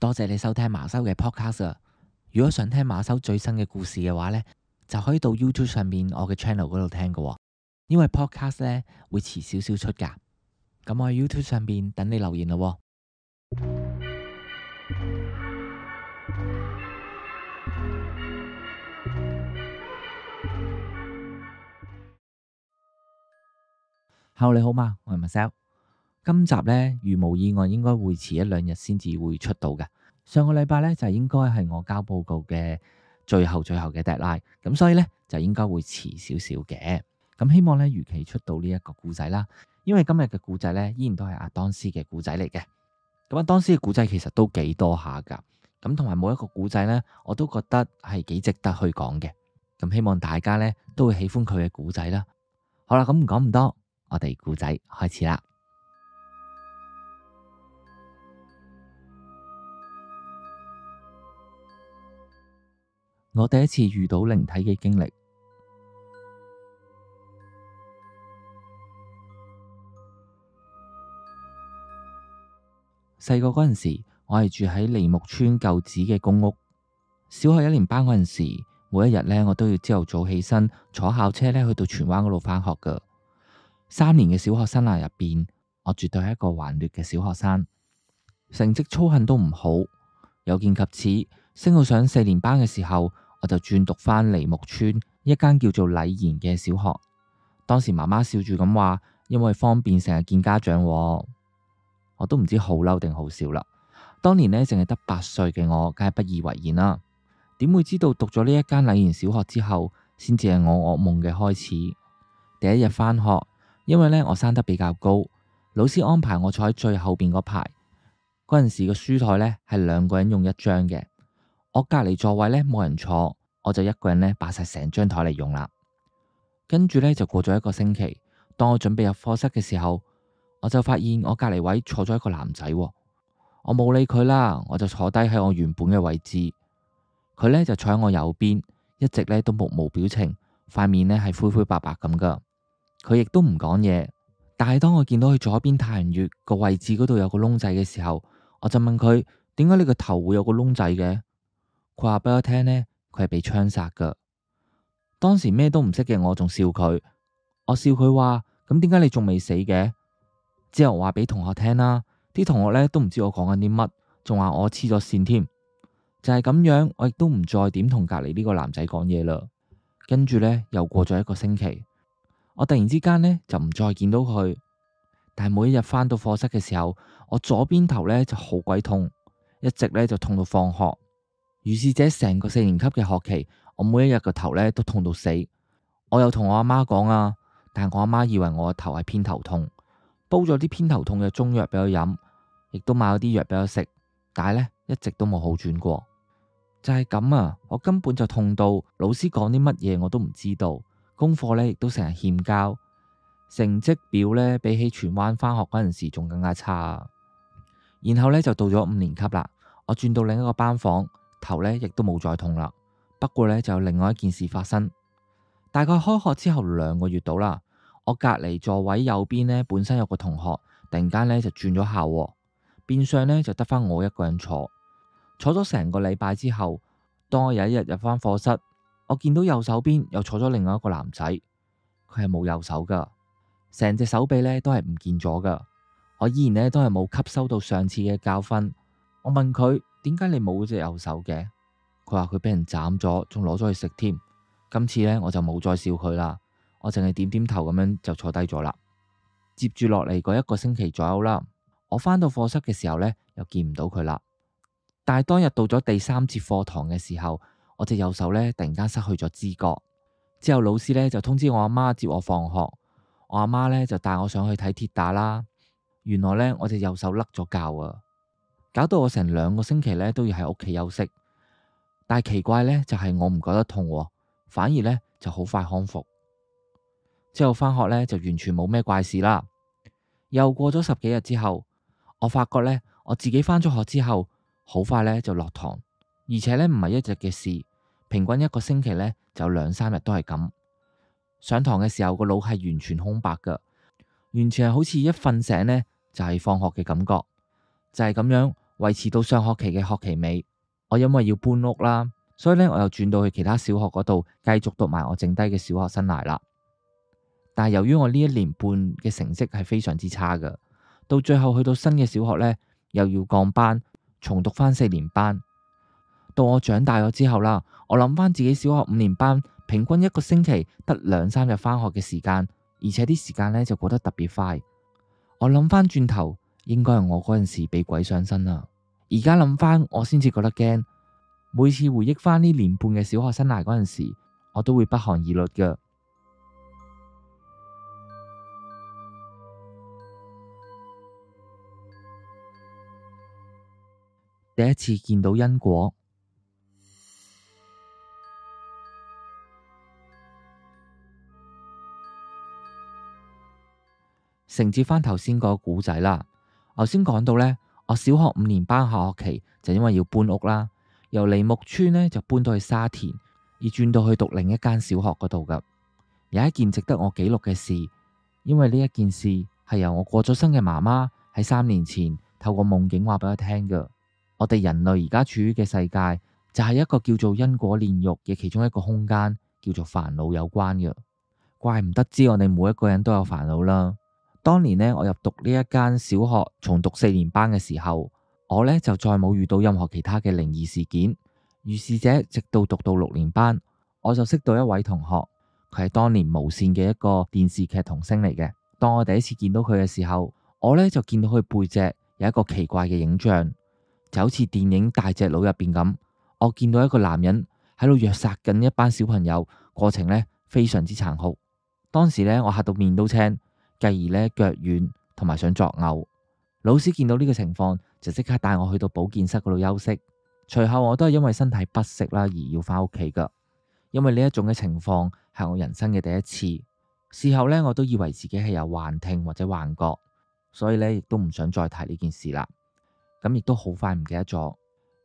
多謝你收聽馬修嘅 podcast。如果想聽馬修最新嘅故事嘅話呢，就可以到 YouTube 上面我嘅 channel 嗰度聽嘅。因為 podcast 呢會遲少少出噶。咁我喺 YouTube 上面等你留言咯。Hello 你好嘛，我係馬修。今集呢，如無意外，應該會遲一兩日先至會出到嘅。上個禮拜呢，就應該係我交報告嘅最後最後嘅 deadline，咁所以呢，就應該會遲少少嘅。咁希望呢，如期出到呢一個故仔啦。因為今日嘅故仔呢，依然都係阿當斯嘅故仔嚟嘅。咁阿當斯嘅故仔其實都幾多下㗎。咁同埋每一個故仔呢，我都覺得係幾值得去講嘅。咁希望大家呢，都會喜歡佢嘅故仔啦。好啦，咁唔講咁多，我哋故仔開始啦。我第一次遇到靈體嘅經歷。細個嗰陣時，我係住喺梨木村舊址嘅公屋。小學一年班嗰陣時，每一日呢，我都要朝頭早起身坐校車呢去到荃灣嗰度返學噶。三年嘅小學生涯入邊，我絕對係一個頑劣嘅小學生，成績粗恨都唔好，有見及此，升到上四年班嘅時候。我就轉讀返梨木村一間叫做禮賢嘅小學。當時媽媽笑住咁話，因為方便成日見家長喎。我都唔知好嬲定好笑啦。當年呢，淨係得八歲嘅我，梗係不以為然啦。點會知道讀咗呢一間禮賢小學之後，先至係我噩夢嘅開始。第一日返學，因為呢我生得比較高，老師安排我坐喺最後邊嗰排。嗰陣時個書台呢係兩個人用一張嘅。我隔籬座位呢冇人坐，我就一個人呢擺晒成張台嚟用啦。跟住呢就過咗一個星期，當我準備入課室嘅時候，我就發現我隔籬位坐咗一個男仔喎。我冇理佢啦，我就坐低喺我原本嘅位置。佢呢就坐喺我右邊，一直呢都目無表情，塊面呢係灰灰白白咁噶。佢亦都唔講嘢。但係當我見到佢左邊太陽穴個位置嗰度有個窿仔嘅時候，我就問佢：點解你個頭會有個窿仔嘅？佢話俾我聽呢，佢係被槍殺噶。當時咩都唔識嘅我仲笑佢，我笑佢話咁點解你仲未死嘅？之後話俾同學聽啦，啲同學呢都唔知我講緊啲乜，仲話我黐咗線添。就係咁樣，我亦都唔再點同隔籬呢個男仔講嘢啦。跟住呢，又過咗一個星期，我突然之間呢，就唔再見到佢。但係每一日翻到課室嘅時候，我左邊頭呢就好鬼痛，一直呢就痛到放學。於是者，這成個四年級嘅學期，我每一日個頭咧都痛到死。我有同我阿媽講啊，但係我阿媽以為我個頭係偏頭痛，煲咗啲偏頭痛嘅中藥畀我飲，亦都買咗啲藥畀我食，但係咧一直都冇好轉過。就係咁啊，我根本就痛到老師講啲乜嘢我都唔知道，功課咧亦都成日欠交，成績表咧比起荃灣返學嗰陣時仲更加差啊。然後咧就到咗五年級啦，我轉到另一個班房。頭咧亦都冇再痛啦，不過咧就有另外一件事發生，大概開學之後兩個月到啦，我隔籬座位右邊呢，本身有個同學，突然間咧就轉咗校喎，變相咧就得翻我一個人坐，坐咗成個禮拜之後，當我有一日入翻課室，我見到右手邊又坐咗另外一個男仔，佢係冇右手噶，成隻手臂咧都係唔見咗噶，我依然呢都係冇吸收到上次嘅教訓，我問佢。點解你冇隻右手嘅？佢話佢俾人斬咗，仲攞咗去食添。今次呢，我就冇再笑佢啦。我淨係點點頭咁樣就坐低咗啦。接住落嚟嗰一個星期左右啦，我返到課室嘅時候呢，又見唔到佢啦。但係當日到咗第三節課堂嘅時候，我隻右手呢突然間失去咗知覺。之後老師呢就通知我阿媽接我放學，我阿媽呢就帶我上去睇鐵打啦。原來呢，我隻右手甩咗臼啊！搞到我成兩個星期咧都要喺屋企休息，但係奇怪咧就係我唔覺得痛喎，反而咧就好快康復。之後翻學咧就完全冇咩怪事啦。又過咗十幾日之後，我發覺咧我自己翻咗學之後，好快咧就落堂，而且咧唔係一日嘅事，平均一個星期咧就有兩三日都係咁。上堂嘅時候個腦係完全空白噶，完全係好似一瞓醒咧就係放學嘅感覺，就係咁樣。維持到上學期嘅學期尾，我因為要搬屋啦，所以咧我又轉到去其他小學嗰度繼續讀埋我剩低嘅小學生涯啦。但係由於我呢一年半嘅成績係非常之差嘅，到最後去到新嘅小學咧又要降班重讀翻四年班。到我長大咗之後啦，我諗翻自己小學五年班平均一個星期得兩三日翻學嘅時間，而且啲時間咧就過得特別快。我諗翻轉頭。應該係我嗰陣時被鬼上身啦，而家諗返，我先至覺得驚。每次回憶返呢年半嘅小學生涯嗰陣時，我都會不寒而慄嘅。第一次見到因果，承接返頭先個古仔啦。頭先講到呢，我小學五年班下學期就因為要搬屋啦，由梨木村呢，就搬到去沙田，而轉到去讀另一間小學嗰度㗎。有一件值得我記錄嘅事，因為呢一件事係由我過咗身嘅媽媽喺三年前透過夢境話畀我聽㗎。我哋人類而家處於嘅世界就係、是、一個叫做因果煉獄嘅其中一個空間，叫做煩惱有關嘅。怪唔得知我哋每一個人都有煩惱啦。當年呢，我入讀呢一間小學，重讀四年班嘅時候，我呢就再冇遇到任何其他嘅靈異事件。如是者直到讀到六年班，我就識到一位同學，佢係當年無綫嘅一個電視劇童星嚟嘅。當我第一次見到佢嘅時候，我呢就見到佢背脊有一個奇怪嘅影像，就好似電影《大隻佬》入邊咁。我見到一個男人喺度虐殺緊一班小朋友，過程呢非常之殘酷。當時呢，我吓到面都青。繼而咧腳軟同埋想作嘔，老師見到呢個情況就即刻帶我去到保健室嗰度休息。隨後我都係因為身體不適啦而要翻屋企噶，因為呢一種嘅情況係我人生嘅第一次。事後咧我都以為自己係有幻聽或者幻覺，所以咧亦都唔想再提呢件事啦。咁亦都好快唔記得咗，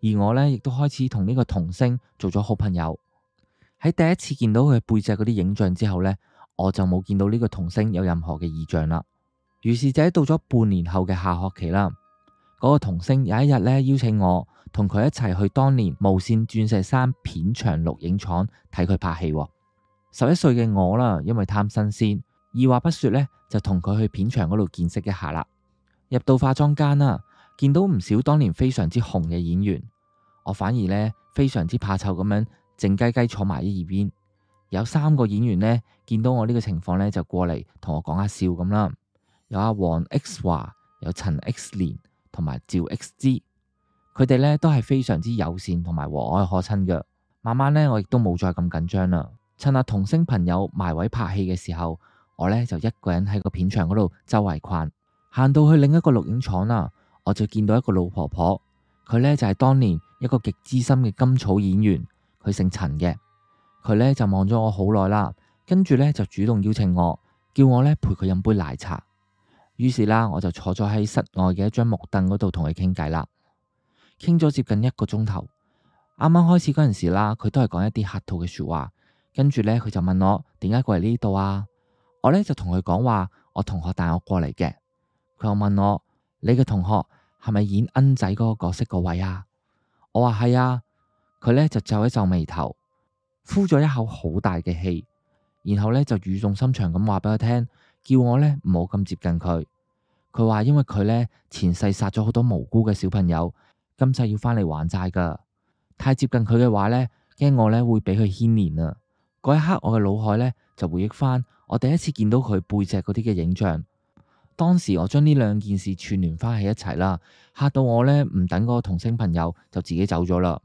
而我咧亦都開始同呢個童星做咗好朋友。喺第一次見到佢背脊嗰啲影像之後咧。我就冇見到呢個童星有任何嘅異象啦。於是就喺到咗半年後嘅下學期啦，嗰個童星有一日呢，邀請我同佢一齊去當年無線鑽石山片場錄影廠睇佢拍戲。十一歲嘅我啦，因為貪新鮮，二話不說呢，就同佢去片場嗰度見識一下啦。入到化妝間啦，見到唔少當年非常之紅嘅演員，我反而呢，非常之怕醜咁樣靜雞雞坐埋一邊。有三個演員呢，見到我呢個情況呢，就過嚟同我講下笑咁啦。有阿黃 X 華，有陳 X 蓮，同埋趙 X 之，佢哋呢，都係非常之友善同埋和藹可親嘅。慢慢呢，我亦都冇再咁緊張啦。趁阿童星朋友埋位拍戲嘅時候，我呢，就一個人喺個片場嗰度周圍逛，行到去另一個錄影廠啦，我就見到一個老婆婆，佢呢，就係、是、當年一個極資深嘅甘草演員，佢姓陳嘅。佢咧就望咗我好耐啦，跟住咧就主動邀請我，叫我咧陪佢飲杯奶茶。於是啦，我就坐咗喺室外嘅一張木凳嗰度同佢傾偈啦。傾咗接近一個鐘頭，啱啱開始嗰陣時啦，佢都係講一啲客套嘅說話，跟住咧佢就問我點解過嚟呢度啊？我咧就同佢講話，我同學帶我過嚟嘅。佢又問我你嘅同學係咪演恩仔嗰個角色個位啊？我話係啊，佢咧就皺一皺眉頭。呼咗一口好大嘅氣，然後咧就語重心長咁話畀我聽，叫我咧唔好咁接近佢。佢話因為佢咧前世殺咗好多無辜嘅小朋友，今世要返嚟還債噶。太接近佢嘅話咧，驚我咧會俾佢牽連啊。嗰一刻，我嘅腦海咧就回憶翻我第一次見到佢背脊嗰啲嘅影像。當時我將呢兩件事串聯翻喺一齊啦，吓到我咧唔等嗰個同性朋友就自己走咗啦。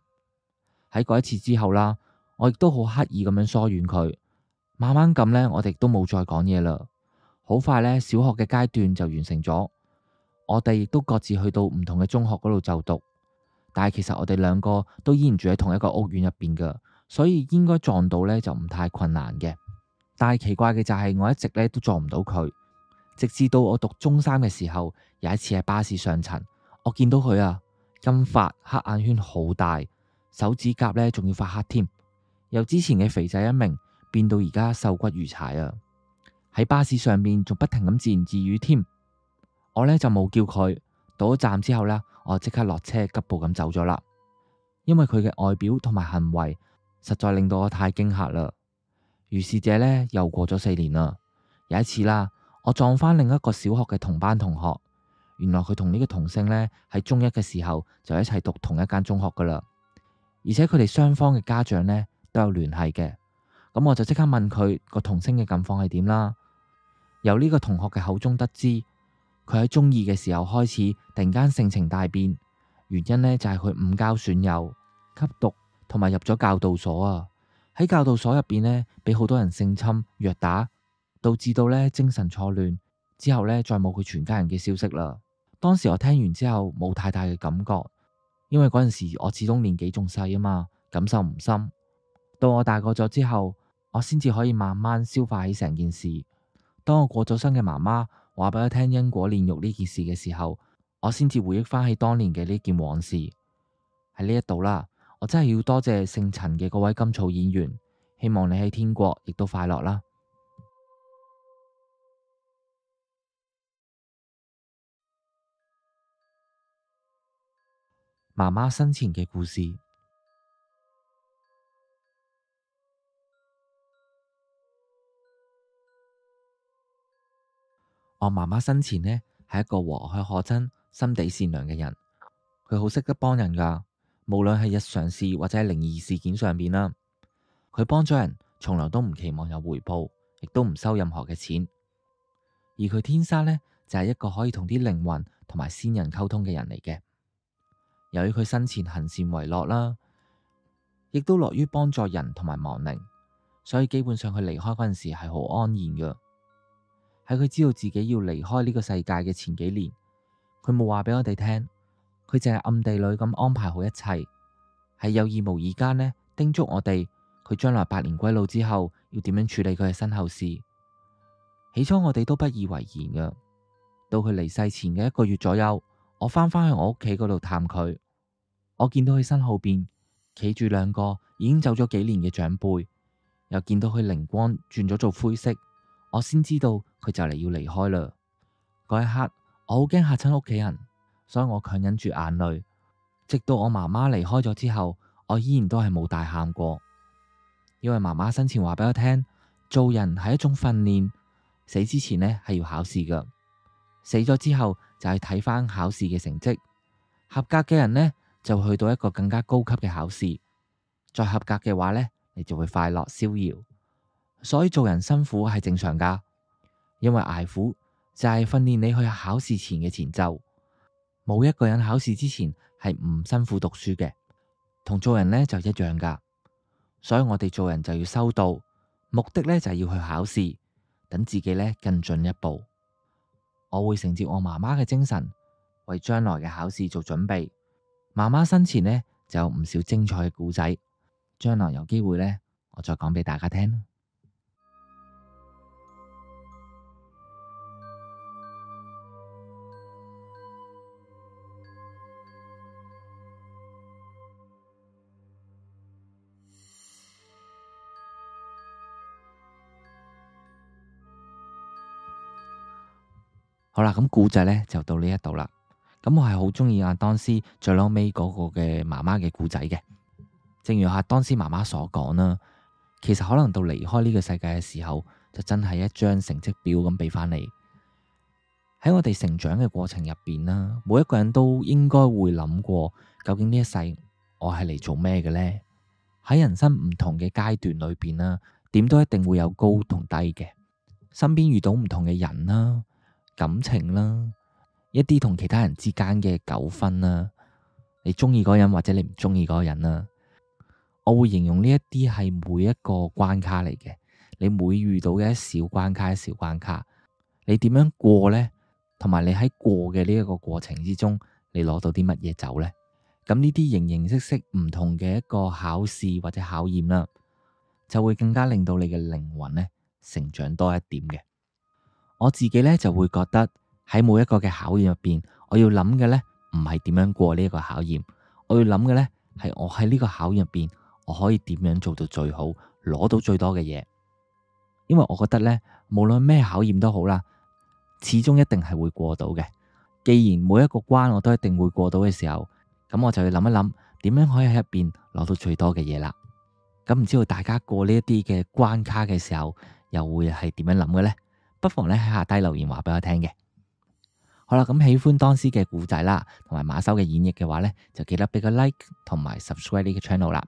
喺嗰一次之後啦。我亦都好刻意咁樣疏遠佢，慢慢咁咧，我哋都冇再講嘢啦。好快咧，小學嘅階段就完成咗，我哋亦都各自去到唔同嘅中學嗰度就讀。但係其實我哋兩個都依然住喺同一個屋苑入邊噶，所以應該撞到咧就唔太困難嘅。但係奇怪嘅就係我一直咧都撞唔到佢，直至到我讀中三嘅時候，有一次喺巴士上層，我見到佢啊，金髮，黑眼圈好大，手指甲咧仲要發黑添。由之前嘅肥仔一名變到而家瘦骨如柴啊！喺巴士上面仲不停咁自言自語添。我呢就冇叫佢，到咗站之後呢，我即刻落車急步咁走咗啦。因為佢嘅外表同埋行為實在令到我太驚嚇啦。如是者呢，又過咗四年啦。有一次啦，我撞返另一個小學嘅同班同學，原來佢同呢個同性呢，喺中一嘅時候就一齊讀同一間中學噶啦，而且佢哋雙方嘅家長呢。都有聯繫嘅，咁我就即刻問佢個童星嘅近況係點啦。由呢個同學嘅口中得知，佢喺中二嘅時候開始，突然間性情大變，原因呢就係佢誤交損友，吸毒，同埋入咗教導所啊。喺教導所入邊呢，俾好多人性侵、虐打，導致到呢精神錯亂，之後呢，再冇佢全家人嘅消息啦。當時我聽完之後冇太大嘅感覺，因為嗰陣時我始終年紀仲細啊嘛，感受唔深。到我大個咗之後，我先至可以慢慢消化起成件事。當我過咗身嘅媽媽話畀我聽因果煉獄呢件事嘅時候，我先至回憶翻起當年嘅呢件往事。喺呢一度啦，我真係要多謝姓陳嘅嗰位甘草演員，希望你喺天國亦都快樂啦。媽媽生前嘅故事。我媽媽生前呢，係一個和藹可親、心地善良嘅人，佢好識得幫人噶，無論係日常事或者係靈異事件上邊啦，佢幫咗人，從來都唔期望有回報，亦都唔收任何嘅錢。而佢天生呢，就係一個可以同啲靈魂同埋先人溝通嘅人嚟嘅。由於佢生前行善為樂啦，亦都樂於幫助人同埋亡靈，所以基本上佢離開嗰陣時係好安然嘅。喺佢知道自己要離開呢個世界嘅前幾年，佢冇話俾我哋聽，佢淨係暗地裏咁安排好一切，係有意無意間呢，叮囑我哋佢將來百年歸老之後要點樣處理佢嘅身後事。起初我哋都不以為然㗎，到佢離世前嘅一個月左右，我返返去我屋企嗰度探佢，我見到佢身後邊企住兩個已經走咗幾年嘅長輩，又見到佢靈光轉咗做灰色。我先知道佢就嚟要離開啦。嗰一刻我好驚嚇親屋企人，所以我強忍住眼淚。直到我媽媽離開咗之後，我依然都係冇大喊過。因為媽媽生前話畀我聽，做人係一種訓練，死之前呢係要考試㗎。死咗之後就係睇返考試嘅成績，合格嘅人呢就會去到一個更加高級嘅考試，再合格嘅話呢，你就會快樂逍遙。所以做人辛苦係正常噶，因為挨苦就係訓練你去考試前嘅前奏。冇一個人考試之前係唔辛苦讀書嘅，同做人咧就一樣噶。所以我哋做人就要修到目的咧，就係要去考試，等自己咧更進一步。我會承接我媽媽嘅精神，為將來嘅考試做準備。媽媽生前咧就有唔少精彩嘅故仔，將來有機會咧，我再講俾大家聽。好啦，咁故仔呢就到呢一度啦。咁我係好中意亞當斯最後尾嗰個嘅媽媽嘅故仔嘅。正如亞當斯媽媽所講啦，其實可能到離開呢個世界嘅時候，就真係一張成績表咁俾返你。喺我哋成長嘅過程入邊啦，每一個人都應該會諗過，究竟呢一世我係嚟做咩嘅呢？喺人生唔同嘅階段裏邊啦，點都一定會有高同低嘅。身邊遇到唔同嘅人啦。感情啦，一啲同其他人之間嘅糾紛啦，你中意嗰人或者你唔中意嗰個人啦，我會形容呢一啲係每一個關卡嚟嘅，你每遇到嘅一小關卡，一小關卡，你點樣過呢？同埋你喺過嘅呢一個過程之中，你攞到啲乜嘢走呢？咁呢啲形形色色唔同嘅一個考試或者考驗啦，就會更加令到你嘅靈魂呢成長多一點嘅。我自己咧就會覺得喺每一個嘅考驗入邊，我要諗嘅咧唔係點樣過呢一個考驗，我要諗嘅咧係我喺呢個考驗入邊，我可以點樣做到最好，攞到最多嘅嘢。因為我覺得咧，無論咩考驗都好啦，始終一定係會過到嘅。既然每一個關我都一定會過到嘅時候，咁我就要諗一諗點樣可以喺入邊攞到最多嘅嘢啦。咁唔知道大家過呢一啲嘅關卡嘅時候，又會係點樣諗嘅咧？不妨呢，喺下底留言話畀我聽嘅。好啦，咁喜歡當時嘅古仔啦，同埋馬修嘅演繹嘅話呢，就記得畀個 like 同埋 subscribe 呢個 channel 啦。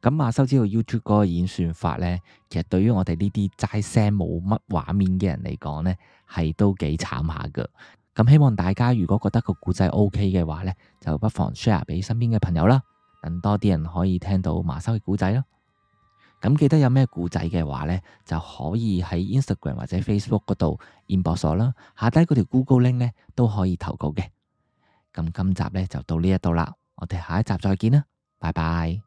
咁馬修知道 YouTube 嗰個演算法呢，其實對於我哋呢啲齋聲冇乜畫面嘅人嚟講呢，係都幾慘下噶。咁希望大家如果覺得個古仔 OK 嘅話呢，就不妨 share 俾身邊嘅朋友啦，等多啲人可以聽到馬修嘅古仔咯。咁記得有咩故仔嘅話咧，就可以喺 Instagram 或者 Facebook 嗰度 inbox 我啦，下低嗰條 Google Link 咧都可以投稿嘅。咁今集咧就到呢一度啦，我哋下一集再見啦，拜拜。